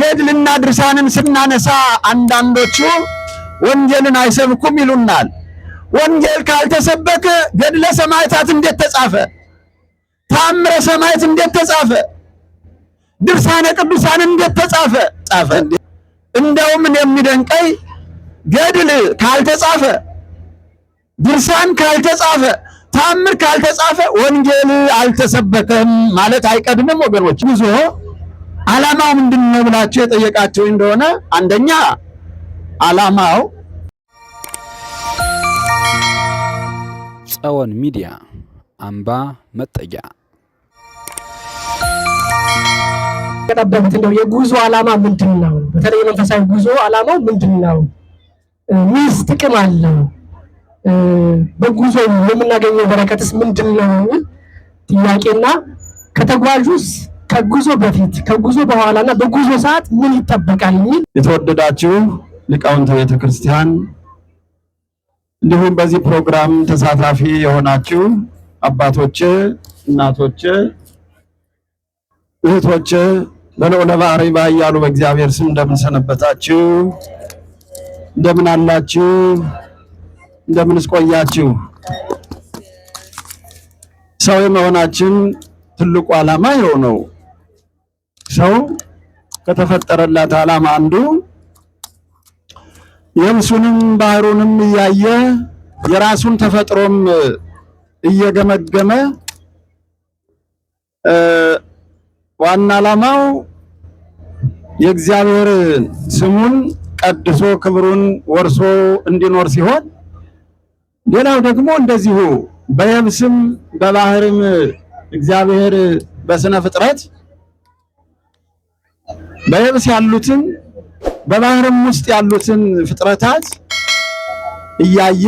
ገድልና ድርሳንን ስናነሳ አንዳንዶቹ ወንጌልን አይሰብኩም ይሉናል። ወንጌል ካልተሰበከ ገድለ ሰማዕታት እንዴት ተጻፈ? ታምረ ሰማዕት እንዴት ተጻፈ? ድርሳነ ቅዱሳን እንዴት ተጻፈ? ጻፈ እንዴ? እንደውም የሚደንቀይ ገድል ካልተጻፈ፣ ድርሳን ካልተጻፈ፣ ታምር ካልተጻፈ ወንጌል አልተሰበከም ማለት አይቀድምም ወገኖች ብዙ አላማው ምንድን ነው ብላችሁ የጠየቃችሁ እንደሆነ አንደኛ አላማው ጸወን ሚዲያ አምባ መጠጊያ ቀጠበት ነው። የጉዞ አላማ ምንድን ነው? በተለይ የመንፈሳዊ ጉዞ አላማው ምንድን ነው? ምንስ ጥቅም አለው? በጉዞ የምናገኘው በረከትስ ምንድን ነው? ጥያቄና ከተጓዡስ ከጉዞ በፊት ከጉዞ በኋላና በጉዞ ሰዓት ምን ይጠበቃል የሚል የተወደዳችሁ ሊቃውንተ ቤተ ክርስቲያን እንዲሁም በዚህ ፕሮግራም ተሳታፊ የሆናችሁ አባቶች እናቶች እህቶች በልዑለ ባህሪ ባያሉ በእግዚአብሔር ስም እንደምን ሰነበታችሁ? እንደምን አላችሁ? እንደምንስ ሰው የመሆናችን ትልቁ ዓላማ የሆነው ነው። ሰው ከተፈጠረላት ዓላማ አንዱ የምሱንም ባህሩንም እያየ የራሱን ተፈጥሮም እየገመገመ ዋና ዓላማው የእግዚአብሔር ስሙን ቀድሶ ክብሩን ወርሶ እንዲኖር ሲሆን፣ ሌላው ደግሞ እንደዚሁ በየብስም በባህርም እግዚአብሔር በስነ ፍጥረት በየብስ ያሉትን በባህርም ውስጥ ያሉትን ፍጥረታት እያየ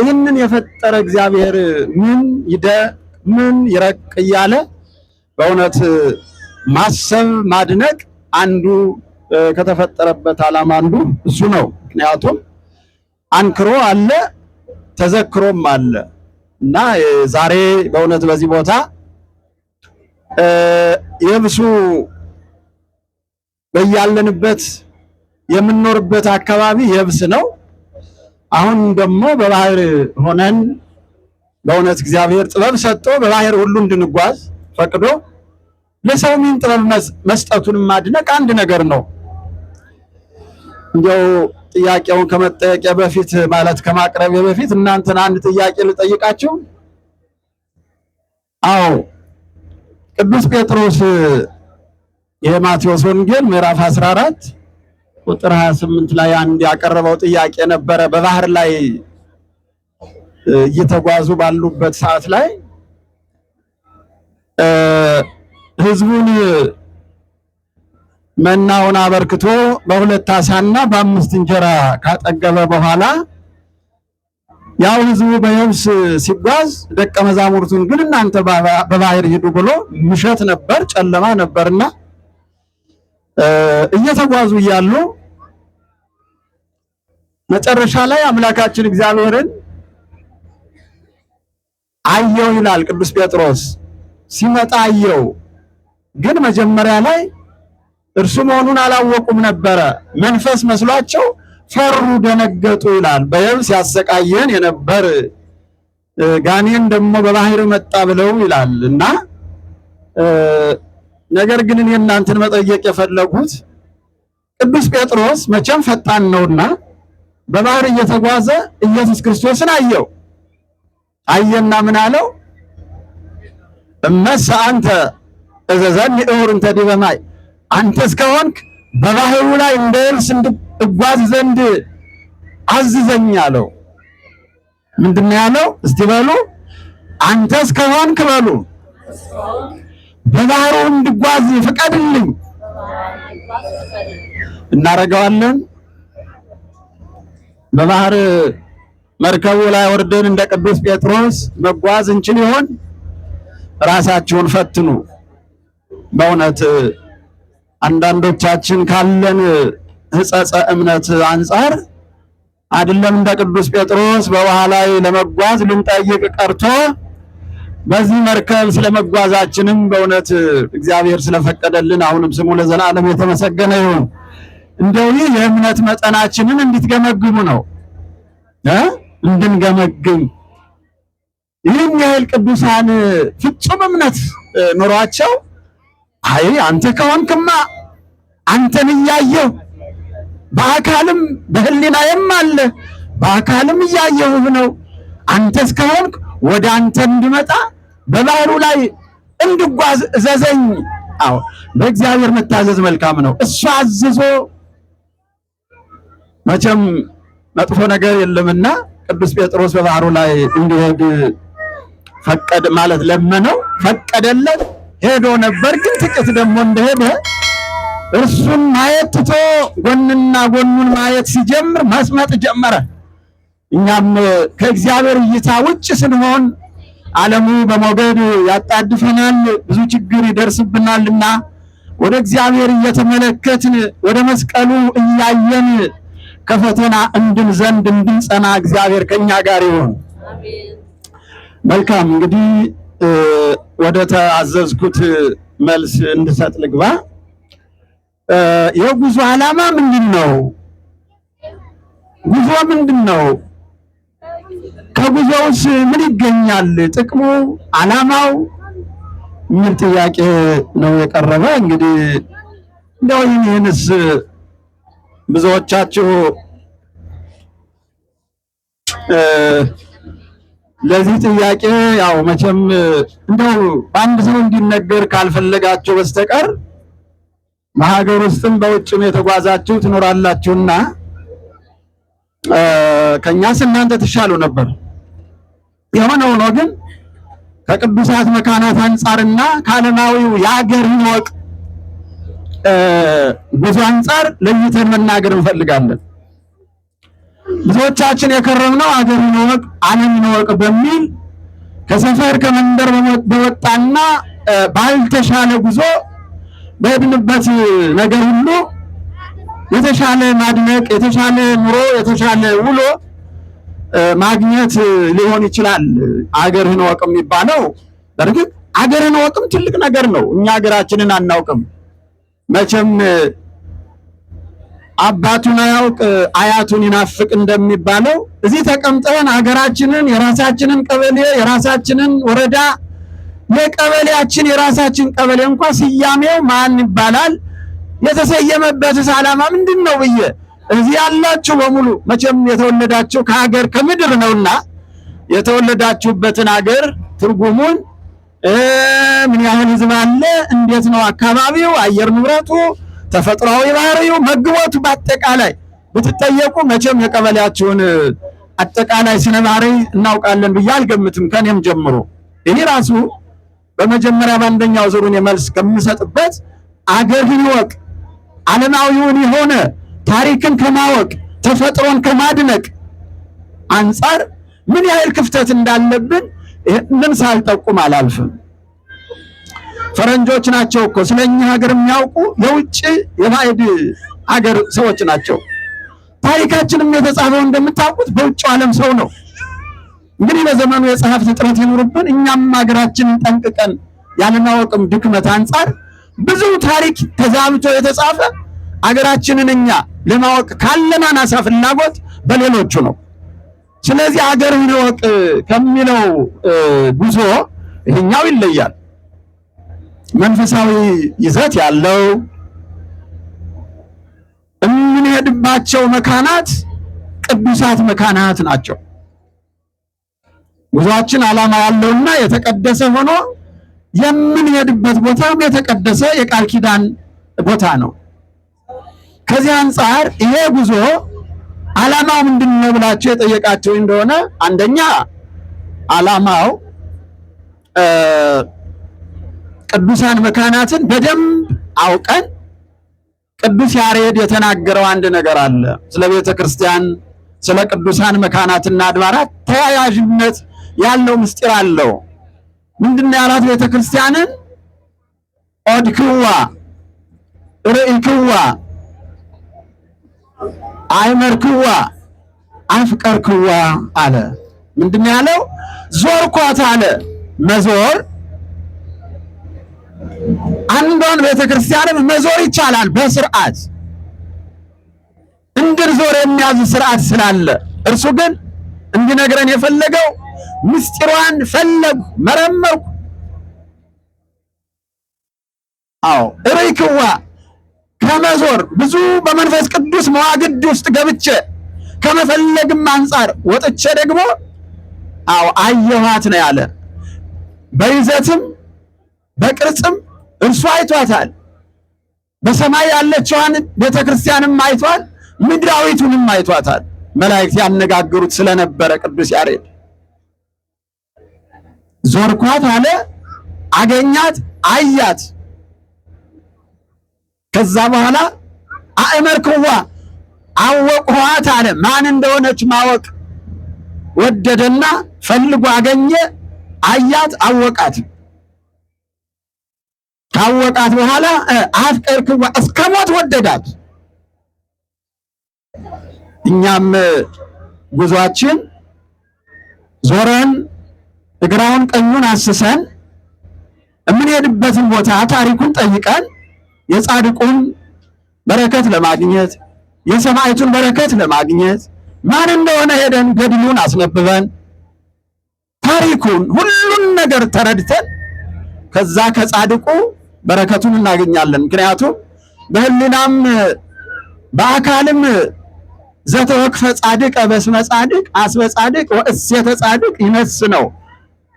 ይህንን የፈጠረ እግዚአብሔር ምን ይደ ምን ይረቅ እያለ በእውነት ማሰብ ማድነቅ አንዱ ከተፈጠረበት ዓላማ አንዱ እሱ ነው። ምክንያቱም አንክሮ አለ ተዘክሮም አለ እና ዛሬ በእውነት በዚህ ቦታ የብሱ በያለንበት የምንኖርበት አካባቢ የብስ ነው። አሁን ደግሞ በባህር ሆነን በእውነት እግዚአብሔር ጥበብ ሰጥቶ በባህር ሁሉ እንድንጓዝ ፈቅዶ ለሰው ሚን ጥበብ መስጠቱን ማድነቅ አንድ ነገር ነው። እንዲያው ጥያቄውን ከመጠየቂያ በፊት ማለት ከማቅረብ በፊት እናንተን አንድ ጥያቄ ልጠይቃችሁ። አዎ ቅዱስ ጴጥሮስ የማቴዎስ ወንጌል ምዕራፍ 14 ቁጥር 28 ላይ አንድ ያቀረበው ጥያቄ ነበረ። በባህር ላይ እየተጓዙ ባሉበት ሰዓት ላይ ህዝቡን መናውን አበርክቶ በሁለት አሳና በአምስት እንጀራ ካጠገበ በኋላ ያው ህዝቡ በየብስ ሲጓዝ ደቀ መዛሙርቱን ግን እናንተ በባህር ሂዱ ብሎ ምሸት ነበር፣ ጨለማ ነበርና እየተጓዙ እያሉ መጨረሻ ላይ አምላካችን እግዚአብሔርን አየው ይላል ቅዱስ ጴጥሮስ። ሲመጣ አየው፣ ግን መጀመሪያ ላይ እርሱ መሆኑን አላወቁም ነበረ። መንፈስ መስሏቸው ፈሩ፣ ደነገጡ ይላል። በየብስ ሲያሰቃየን የነበር ጋኔን ደግሞ በባህር መጣ ብለው ይላል እና ነገር ግን እኔ እናንተን መጠየቅ የፈለጉት ቅዱስ ጴጥሮስ መቼም ፈጣን ነውና በባህር እየተጓዘ ኢየሱስ ክርስቶስን አየው። አየና ምን አለው? እመሰ አንተ እዘዘኒ እውር እንተ ዲበ ማይ፣ አንተ እስከሆንክ በባህሩ ላይ እንደ እልስ እንድጓዝ ዘንድ አዝዘኝ አለው። ምንድን ነው ያለው? እስቲ በሉ አንተ እስከሆንክ በሉ በባህሩ እንድጓዝ ፍቀድልኝ። እናደርገዋለን። በባህር መርከቡ ላይ ወርደን እንደ ቅዱስ ጴጥሮስ መጓዝ እንችል ይሆን? ራሳችሁን ፈትኑ። በእውነት አንዳንዶቻችን ካለን ሕጸጸ እምነት አንጻር አይደለም እንደ ቅዱስ ጴጥሮስ በውሃ ላይ ለመጓዝ ልንጠይቅ ቀርቶ በዚህ መርከብ ስለመጓዛችንም በእውነት እግዚአብሔር ስለፈቀደልን አሁንም ስሙ ለዘላለም የተመሰገነ ይሁን። እንደው ይህ የእምነት መጠናችንን እንድትገመግሙ ነው እንድንገመግም ይህን ያህል ቅዱሳን ፍጹም እምነት ኑሯቸው አይ አንተ ከሆንክማ አንተን እያየሁ በአካልም በህሊናዬም አለ በአካልም እያየሁህ ነው አንተስ ከሆንክ ወደ አንተ እንድመጣ በባህሩ ላይ እንድጓዝ እዘዘኝ። አዎ በእግዚአብሔር መታዘዝ መልካም ነው። እሱ አዝዞ መቼም መጥፎ ነገር የለምና ቅዱስ ጴጥሮስ በባህሩ ላይ እንዲሄድ ፈቀድ ማለት ለመነው፣ ፈቀደለት። ሄዶ ነበር ግን ጥቂት ደግሞ እንደሄደ እርሱን ማየት ትቶ ጎንና ጎኑን ማየት ሲጀምር መስመጥ ጀመረ። እኛም ከእግዚአብሔር እይታ ውጭ ስንሆን ዓለሙ በሞገድ ያጣድፈናል፣ ብዙ ችግር ይደርስብናልና ወደ እግዚአብሔር እየተመለከትን ወደ መስቀሉ እያየን ከፈተና እንድን ዘንድ እንድንጸና እግዚአብሔር ከኛ ጋር ይሁን። መልካም እንግዲህ ወደ ተአዘዝኩት መልስ እንድሰጥ ልግባ። የጉዞ ዓላማ ምንድን ነው? ጉዞ ምንድን ነው? ከጉዞውስ ምን ይገኛል? ጥቅሙ፣ አላማው የሚል ጥያቄ ነው የቀረበ። እንግዲህ እንደው ይህንስ ብዙዎቻችሁ ለዚህ ጥያቄ ያው መቼም እንደው በአንድ ሰው እንዲነገር ካልፈለጋችሁ በስተቀር በሀገር ውስጥም በውጭም የተጓዛችሁ ትኖራላችሁና ከእኛስ እናንተ ትሻሉ ነበር። የሆነ ሆኖ ግን ከቅዱሳት መካናት አንጻርና ከዓለማዊው የአገር ህይወት ጉዞ አንጻር ለይተን መናገር እንፈልጋለን። ብዙዎቻችን የከረምነው አገር ይወቅ ዓለም ይወቅ በሚል ከሰፈር ከመንደር በወጣና ባልተሻለ ጉዞ በሄድንበት ነገር ሁሉ የተሻለ ማድነቅ፣ የተሻለ ኑሮ፣ የተሻለ ውሎ ማግኘት ሊሆን ይችላል። አገርህን ወቅ የሚባለው በእርግጥ አገርህን ወቅም ትልቅ ነገር ነው። እኛ ሀገራችንን አናውቅም መቼም። አባቱን አያውቅ አያቱን ይናፍቅ እንደሚባለው እዚህ ተቀምጠን ሀገራችንን፣ የራሳችንን ቀበሌ፣ የራሳችንን ወረዳ፣ የቀበሌያችን የራሳችን ቀበሌ እንኳ ስያሜው ማን ይባላል የተሰየመበትስ ዓላማ ምንድን ነው ብዬ እዚህ ያላችሁ በሙሉ መቼም የተወለዳችሁ ከሀገር ከምድር ነውና የተወለዳችሁበትን ሀገር ትርጉሙን ምን ያህል ህዝብ አለ፣ እንዴት ነው አካባቢው፣ አየር ንብረቱ፣ ተፈጥሯዊ ባህሪው፣ መግቦቱ በአጠቃላይ ብትጠየቁ መቼም የቀበሌያችሁን አጠቃላይ ስነ ባህሪ እናውቃለን ብዬ አልገምትም። ከኔም ጀምሮ ይህ ራሱ በመጀመሪያ በአንደኛው ዙሩን የመልስ ከምንሰጥበት አገር ህይወቅ ዓለማዊውን የሆነ ታሪክን ከማወቅ ተፈጥሮን ከማድነቅ አንጻር ምን ያህል ክፍተት እንዳለብን ይህንን ሳልጠቁም አላልፍም። ፈረንጆች ናቸው እኮ ስለኛ ሀገር የሚያውቁ የውጭ የባዕድ ሀገር ሰዎች ናቸው። ታሪካችንም የተጻፈው እንደምታውቁት በውጭ ዓለም ሰው ነው። እንግዲህ በዘመኑ የጸሐፍት እጥረት ይኑርብን፣ እኛም ሀገራችንን ጠንቅቀን ያለማወቅም ድክመት አንጻር ብዙ ታሪክ ተዛብቶ የተጻፈ አገራችንን እኛ ለማወቅ ካለን አናሳ ፍላጎት በሌሎቹ ነው። ስለዚህ አገርህን እወቅ ከሚለው ጉዞ ይህኛው ይለያል። መንፈሳዊ ይዘት ያለው የምንሄድባቸው መካናት ቅዱሳት መካናት ናቸው። ጉዞአችን ዓላማ ያለውና የተቀደሰ ሆኖ የምንሄድበት ቦታም የተቀደሰ የቃል ኪዳን ቦታ ነው። ከዚህ አንጻር ይሄ ጉዞ ዓላማው ምንድን ነው ብላችሁ የጠየቃችሁ እንደሆነ አንደኛ ዓላማው ቅዱሳን መካናትን በደንብ አውቀን ቅዱስ ያሬድ የተናገረው አንድ ነገር አለ። ስለ ቤተ ክርስቲያን፣ ስለ ቅዱሳን መካናትና አድባራት ተያያዥነት ያለው ምስጢር አለው። ምንድነው ያላት ቤተክርስቲያንን ኦድክዋ ርእይክዋ አይመርክዋ አፍቀርክዋ አለ። ምንድነው ያለው? ዞርኳት አለ። መዞር አንዷን ቤተክርስቲያንም መዞር ይቻላል በስርዓት እንድንዞር የሚያዝ ስርዓት ስላለ እርሱ ግን እንዲነግረን የፈለገው ምስጢሯን ፈለጉ መረመርኩ። አዎ እሪክዋ ከመዞር ብዙ በመንፈስ ቅዱስ መዋግድ ውስጥ ገብቼ ከመፈለግም አንጻር ወጥቼ ደግሞ አዎ አየኋት ነው ያለ። በይዘትም በቅርጽም እርሱ አይቷታል። በሰማይ ያለችዋን ቤተ ክርስቲያንም አይቷል፣ ምድራዊቱንም አይቷታል። መላእክት ያነጋግሩት ስለነበረ ቅዱስ ያሬድ ዞርኳት አለ አገኛት አያት። ከዛ በኋላ አእመርክዋ አወቅኋት አለ። ማን እንደሆነች ማወቅ ወደደና ፈልጎ አገኘ። አያት፣ አወቃት። ካወቃት በኋላ አፍቀርክዋ እስከ ሞት ወደዳት። እኛም ጉዟችን ዞረን ግራውን ቀኙን አስሰን የምንሄድበትን ቦታ ታሪኩን ጠይቀን የጻድቁን በረከት ለማግኘት የሰማይቱን በረከት ለማግኘት ማን እንደሆነ ሄደን ገድሉን አስነብበን ታሪኩን ሁሉን ነገር ተረድተን ከዛ ከጻድቁ በረከቱን እናገኛለን። ምክንያቱም በህሊናም በአካልም ዘተወክፈ ጻድቅ በስመ ጻድቅ አስበ ጻድቅ ወእሴተ ጻድቅ ይነስ ነው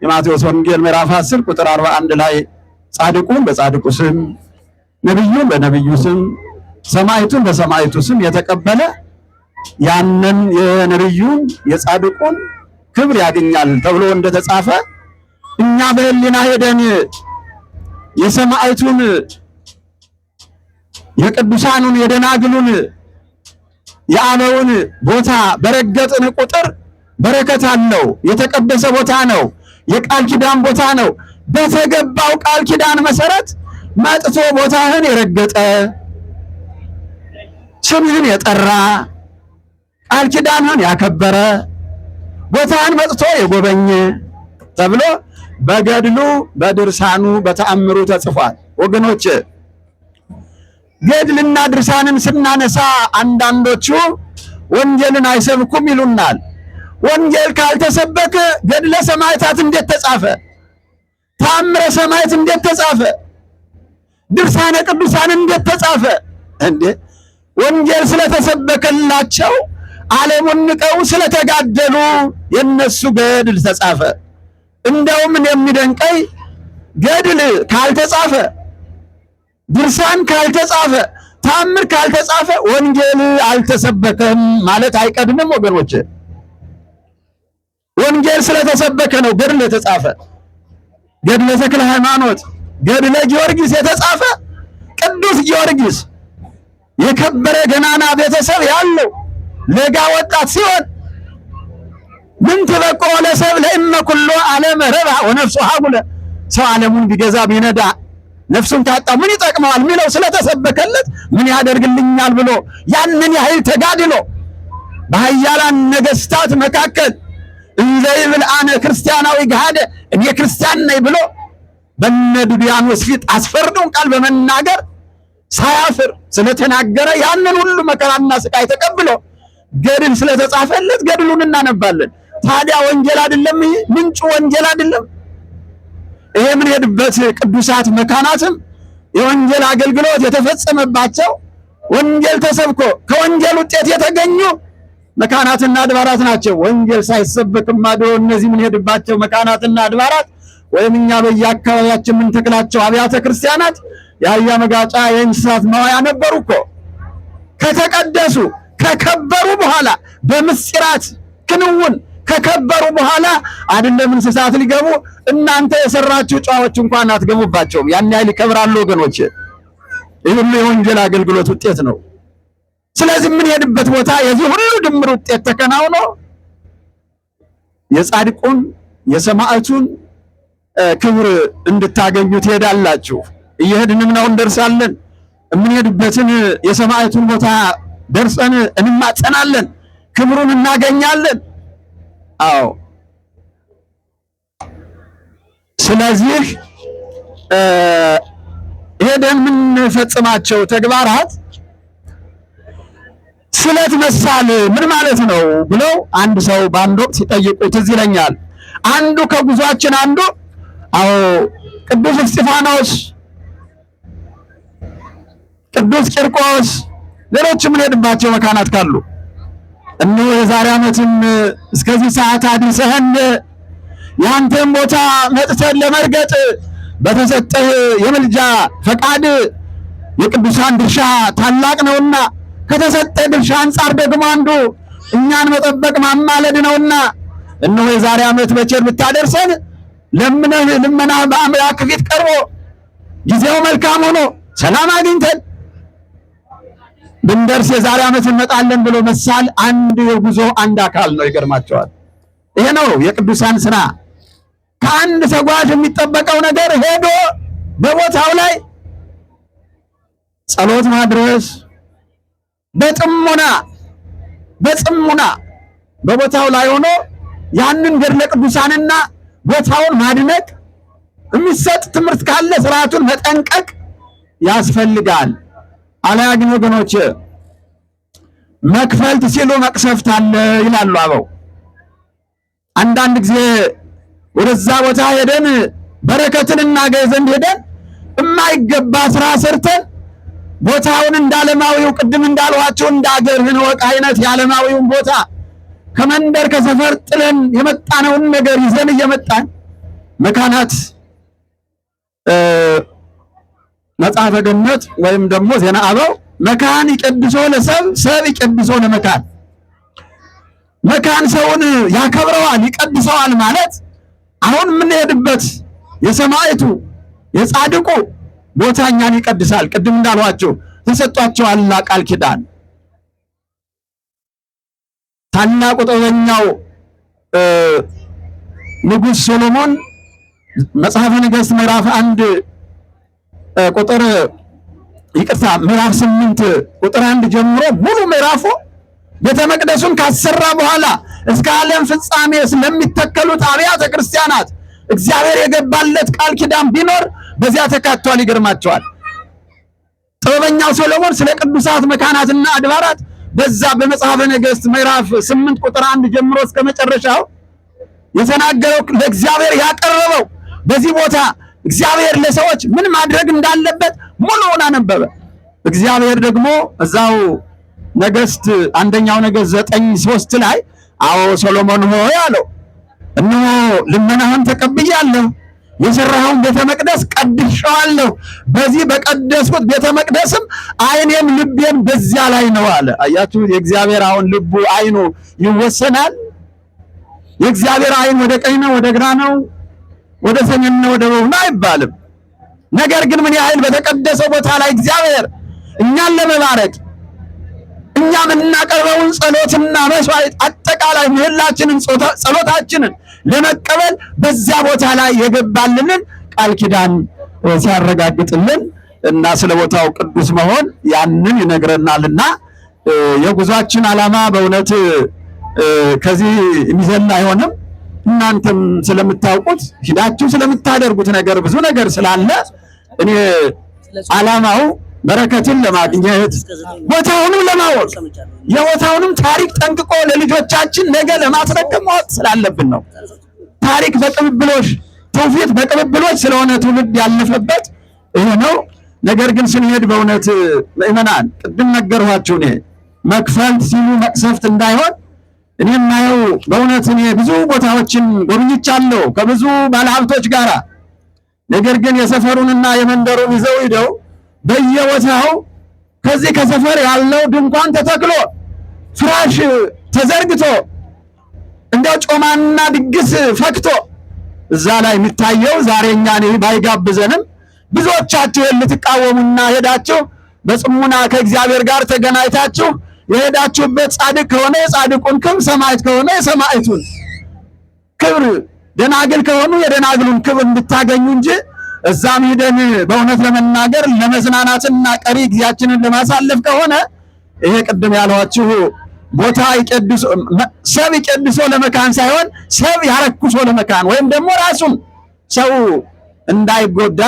የማቴዎስ ወንጌል ምዕራፍ 10 ቁጥር 41 ላይ ጻድቁን በጻድቁ ስም ነቢዩን በነብዩ ስም ሰማይቱን በሰማይቱ ስም የተቀበለ ያንን የነቢዩን የጻድቁን ክብር ያገኛል ተብሎ እንደተጻፈ እኛ በህሊና ሄደን የሰማይቱን የቅዱሳኑን የደናግሉን የአበውን ቦታ በረገጥን ቁጥር በረከት አለው። የተቀደሰ ቦታ ነው። የቃል ኪዳን ቦታ ነው። በተገባው ቃል ኪዳን መሰረት መጥቶ ቦታህን የረገጠ ስምህን የጠራ ቃል ኪዳንህን ያከበረ ቦታህን መጥቶ የጎበኘ ተብሎ በገድሉ በድርሳኑ በተአምሩ ተጽፏል። ወገኖች ገድልና ድርሳንን ስናነሳ አንዳንዶቹ ወንጌልን አይሰብኩም ይሉናል። ወንጌል ካልተሰበከ ገድለ ሰማዕታት እንዴት ተጻፈ? ታምረ ሰማዕት እንዴት ተጻፈ? ድርሳነ ቅዱሳን እንዴት ተጻፈ? እንዴ ወንጌል ስለተሰበከላቸው ዓለሙን ንቀው ስለተጋደሉ የነሱ ገድል ተጻፈ። እንደውም የሚደንቀይ ገድል ካልተጻፈ፣ ድርሳን ካልተጻፈ፣ ታምር ካልተጻፈ ወንጌል አልተሰበከም ማለት አይቀድምም ወገኖች። ወንጌል ስለተሰበከ ነው ገድል የተጻፈ። ገድለ ተክለ ሃይማኖት፣ ገድለ ጊዮርጊስ የተጻፈ ቅዱስ ጊዮርጊስ የከበረ ገናና ቤተሰብ ያለው ለጋ ወጣት ሲሆን ምን ትበቆ ለሰብ ለእመ ኩሎ ዓለም ረባ ወነፍሱ ሀጉለ ሰው ዓለሙን ቢገዛ ቢነዳ ነፍሱን ካጣ ምን ይጠቅመዋል የሚለው ስለተሰበከለት ምን ያደርግልኛል ብሎ ያንን ያህል ተጋድሎ በኃያላን ነገስታት መካከል እንዘይብል አነ ክርስቲያናዊ ገሃደ እኔ ክርስቲያን ነኝ ብሎ በነዱድያኖስ ፊት አስፈርዶን ቃል በመናገር ሳያፍር ስለተናገረ ያንን ሁሉ መከራና ስቃይ ተቀብሎ ገድል ስለተጻፈለት ገድሉን እናነባለን። ታዲያ ወንጀል አይደለም? ይሄ ምንጩ ወንጀል አይደለም? ይሄ የምንሄድበት ቅዱሳት መካናትም የወንጀል አገልግሎት የተፈጸመባቸው ወንጀል ተሰብኮ ከወንጀል ውጤት የተገኙ መካናትና አድባራት ናቸው። ወንጌል ሳይሰበክ ማዶ እነዚህ የምንሄድባቸው መካናትና አድባራት ወይም እኛ በየአካባቢያችን የምንተክላቸው አብያተ ክርስቲያናት የአህያ መጋጫ የእንስሳት መዋያ ነበሩ እኮ። ከተቀደሱ ከከበሩ በኋላ በምስጢራት ክንውን ከከበሩ በኋላ አይደለም እንስሳት ሊገቡ እናንተ የሰራችሁ ጨዋዎች እንኳን አትገቡባቸውም። ያን ያህል ይከብራሉ ወገኖች። ይህ የወንጌል አገልግሎት ውጤት ነው። ስለዚህ የምንሄድበት ቦታ የዚህ ሁሉ ድምር ውጤት ተከናውኖ የጻድቁን የሰማዕቱን ክብር እንድታገኙ ትሄዳላችሁ። እየሄድንም ነው፣ እንደርሳለን። የምንሄድበትን የሰማዕቱን ቦታ ደርሰን እንማጸናለን፣ ክብሩን እናገኛለን። አዎ ስለዚህ ሄደን የምንፈጽማቸው ተግባራት ስለት መሳል ምን ማለት ነው ብለው አንድ ሰው በአንድ ወቅት ሲጠይቁ ትዝ ይለኛል። አንዱ ከጉዟችን አንዱ አዎ ቅዱስ እስጢፋኖስ፣ ቅዱስ ቂርቆስ፣ ሌሎችም የምንሄድባቸው መካናት ካሉ እነሆ የዛሬ ዓመትም እስከዚህ ሰዓት አድርሰህን የአንተን ቦታ መጥተን ለመርገጥ በተሰጠህ የምልጃ ፈቃድ የቅዱሳን ድርሻ ታላቅ ነውና ከተሰጠ ድርሻ አንጻር ደግሞ አንዱ እኛን መጠበቅ ማማለድ ነውና እነሆ የዛሬ ዓመት በቸር ብታደርሰን ለምነህ ልመና በአምላክ ፊት ቀርቦ ጊዜው መልካም ሆኖ ሰላም አግኝተን ብንደርስ የዛሬ ዓመት እንመጣለን ብሎ መሳል አንድ የጉዞ አንድ አካል ነው። ይገርማቸዋል። ይሄ ነው የቅዱሳን ስራ። ከአንድ ተጓዥ የሚጠበቀው ነገር ሄዶ በቦታው ላይ ጸሎት ማድረስ በጥሞና በጽሙና በቦታው ላይ ሆኖ ያንን ገድለ ቅዱሳንና ቦታውን ማድነቅ የሚሰጥ ትምህርት ካለ ስርዓቱን መጠንቀቅ ያስፈልጋል። አለያ ግን ወገኖች መክፈልት ሲሉ መቅሰፍት አለ ይላሉ አበው። አንዳንድ ጊዜ ወደዛ ቦታ ሄደን በረከትን እናገኝ ዘንድ ሄደን የማይገባ ስራ ሰርተን ቦታውን እንደ ዓለማዊው ቅድም እንዳልኋቸው እንደ አገርህን ወቅ አይነት የዓለማዊውን ቦታ ከመንደር ከሰፈር ጥለን የመጣነውን ነገር ይዘን እየመጣን መካናት መጽሐፈ ገነት ወይም ደግሞ ዜና አበው መካን ይቀድሶ ለሰብ ሰብ ይቀድሶ ለመካን መካን ሰውን ያከብረዋል ይቀድሰዋል ማለት አሁን የምንሄድበት የሰማይቱ የጻድቁ ቦታ እኛን ይቀድሳል። ቅድም እንዳልኋቸው ተሰጧቸው አላ ቃል ኪዳን ታላቁ ጥበበኛው ንጉሥ ሶሎሞን መጽሐፈ ነገሥት ምዕራፍ አንድ ቁጥር ይቅርታ ምዕራፍ ስምንት ቁጥር አንድ ጀምሮ ሙሉ ምዕራፉ ቤተ መቅደሱን ካሰራ በኋላ እስከ ዓለም ፍጻሜ ስለሚተከሉት አብያተ ክርስቲያናት እግዚአብሔር የገባለት ቃል ኪዳን ቢኖር በዚያ ተካቷል። ይገርማቸዋል። ጥበበኛው ሰሎሞን ስለ ቅዱሳት መካናትና አድባራት በዛ በመጽሐፈ ነገሥት ምዕራፍ ስምንት ቁጥር አንድ ጀምሮ እስከ መጨረሻው የተናገረው ለእግዚአብሔር ያቀረበው በዚህ ቦታ እግዚአብሔር ለሰዎች ምን ማድረግ እንዳለበት ሙሉውን አነበበ። እግዚአብሔር ደግሞ እዛው ነገሥት አንደኛው ነገሥት ዘጠኝ ሶስት ላይ አዎ ሶሎሞን ሆይ አለው እነሆ ልመናህን ተቀብያለሁ የሰራኸውን ቤተ መቅደስ ቀድሼዋለሁ። በዚህ በቀደስኩት ቤተ መቅደስም ዓይኔም ልቤም በዚያ ላይ ነው አለ። አያችሁ፣ የእግዚአብሔር አሁን ልቡ ዓይኑ ይወሰናል። የእግዚአብሔር ዓይን ወደ ቀኝ ነው፣ ወደ ግራ ነው፣ ወደ ሰሜን ነው፣ ወደ ደቡብ ነው አይባልም። ነገር ግን ምን ያህል በተቀደሰው ቦታ ላይ እግዚአብሔር እኛን ለመባረክ እኛ የምናቀርበውን ጸሎትና መስዋዕት አጠቃላይ ምህላችንን ጸሎታችንን ለመቀበል በዚያ ቦታ ላይ የገባልንን ቃል ኪዳን ሲያረጋግጥልን እና ስለ ቦታው ቅዱስ መሆን ያንን ይነግረናልና የጉዟችን ዓላማ በእውነት ከዚህ የሚዘላ አይሆንም። እናንተም ስለምታውቁት ሂዳችሁ ስለምታደርጉት ነገር ብዙ ነገር ስላለ እኔ ዓላማው በረከትን ለማግኘት ቦታውንም ለማወቅ የቦታውንም ታሪክ ጠንቅቆ ለልጆቻችን ነገ ለማስረከብ ማወቅ ስላለብን ነው። ታሪክ በቅብብሎሽ ትውፊት በቅብብሎች ስለሆነ ትውልድ ያለፈበት ይሄ ነው። ነገር ግን ስንሄድ በእውነት ምእመናን ቅድም ነገርኋችሁ እኔ መክፈል ሲሉ መቅሰፍት እንዳይሆን እኔ የማየው በእውነት እኔ ብዙ ቦታዎችን ጎብኝቻለሁ ከብዙ ባለሀብቶች ጋራ ነገር ግን የሰፈሩንና የመንደሩን ይዘው ሂደው በየቦታው ከዚህ ከሰፈር ያለው ድንኳን ተተክሎ ፍራሽ ተዘርግቶ እንደ ጮማና ድግስ ፈክቶ እዛ ላይ የሚታየው ዛሬ እኛን ባይጋብዘንም ብዙዎቻችሁ ልትቃወሙና ሄዳችሁ በጽሙና ከእግዚአብሔር ጋር ተገናኝታችሁ የሄዳችሁበት ጻድቅ ከሆነ የጻድቁን ክብር፣ ሰማዕት ከሆነ የሰማዕቱን ክብር፣ ደናግል ከሆኑ የደናግሉን ክብር እንድታገኙ እንጂ እዛም ሂደን በእውነት ለመናገር ለመዝናናትና ቀሪ ጊዜያችንን ለማሳለፍ ከሆነ ይሄ ቅድም ያለዋችሁ ቦታ ይቀድሶ ሰብ ይቀድሶ ለመካን ሳይሆን ሰብ ያረኩሶ ለመካን ወይም ደግሞ ራሱን ሰው እንዳይጎዳ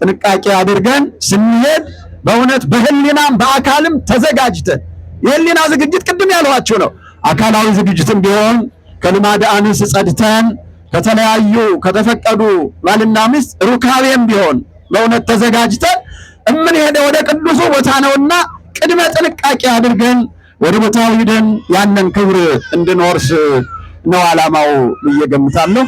ጥንቃቄ አድርገን ስንሄድ በእውነት በህሊናም በአካልም ተዘጋጅተን የህሊና ዝግጅት ቅድም ያልኋችሁ ነው። አካላዊ ዝግጅትም ቢሆን ከልማድ አንስ ጸድተን ከተለያዩ ከተፈቀዱ ባልና ሚስት ሩካቤም ቢሆን በእውነት ተዘጋጅተን እምንሄደ ወደ ቅዱሱ ቦታ ነውና ቅድመ ጥንቃቄ አድርገን ወደ ቦታው ሂደን ያንን ክብር እንድንወርስ ነው ዓላማው ብዬ ገምታለሁ።